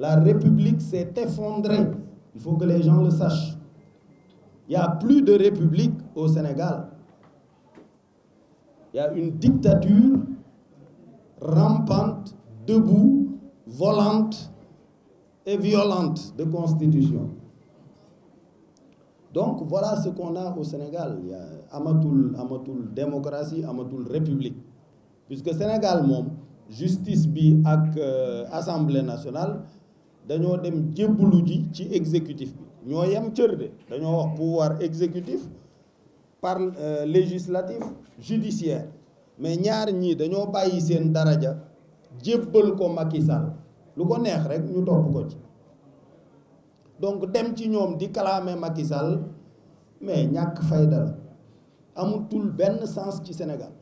La République s'est effondrée. Il faut que les gens le sachent. Il n'y a plus de République au Sénégal. Il y a une dictature rampante, debout, volante, et violente de constitution. Donc voilà ce qu'on a au Sénégal. Il y a Amatoul, Amatoul démocratie, Amatoul république. Puisque Sénégal mon justice bi ak euh, assemblée nationale dañoo dem jébbalu ji ci exécutif bi ñoo wax pouvoir exécutif par euh, législatif judiciaire mais ñaar ñi dañoo bàyyi sen daraja jébbal ko Macky Sall lu ko neex rek ñu topp ko ci donc dem ci ñoom di kalaame Macky Sall mais ñàkk fayda la amatul benn sens ci Sénégal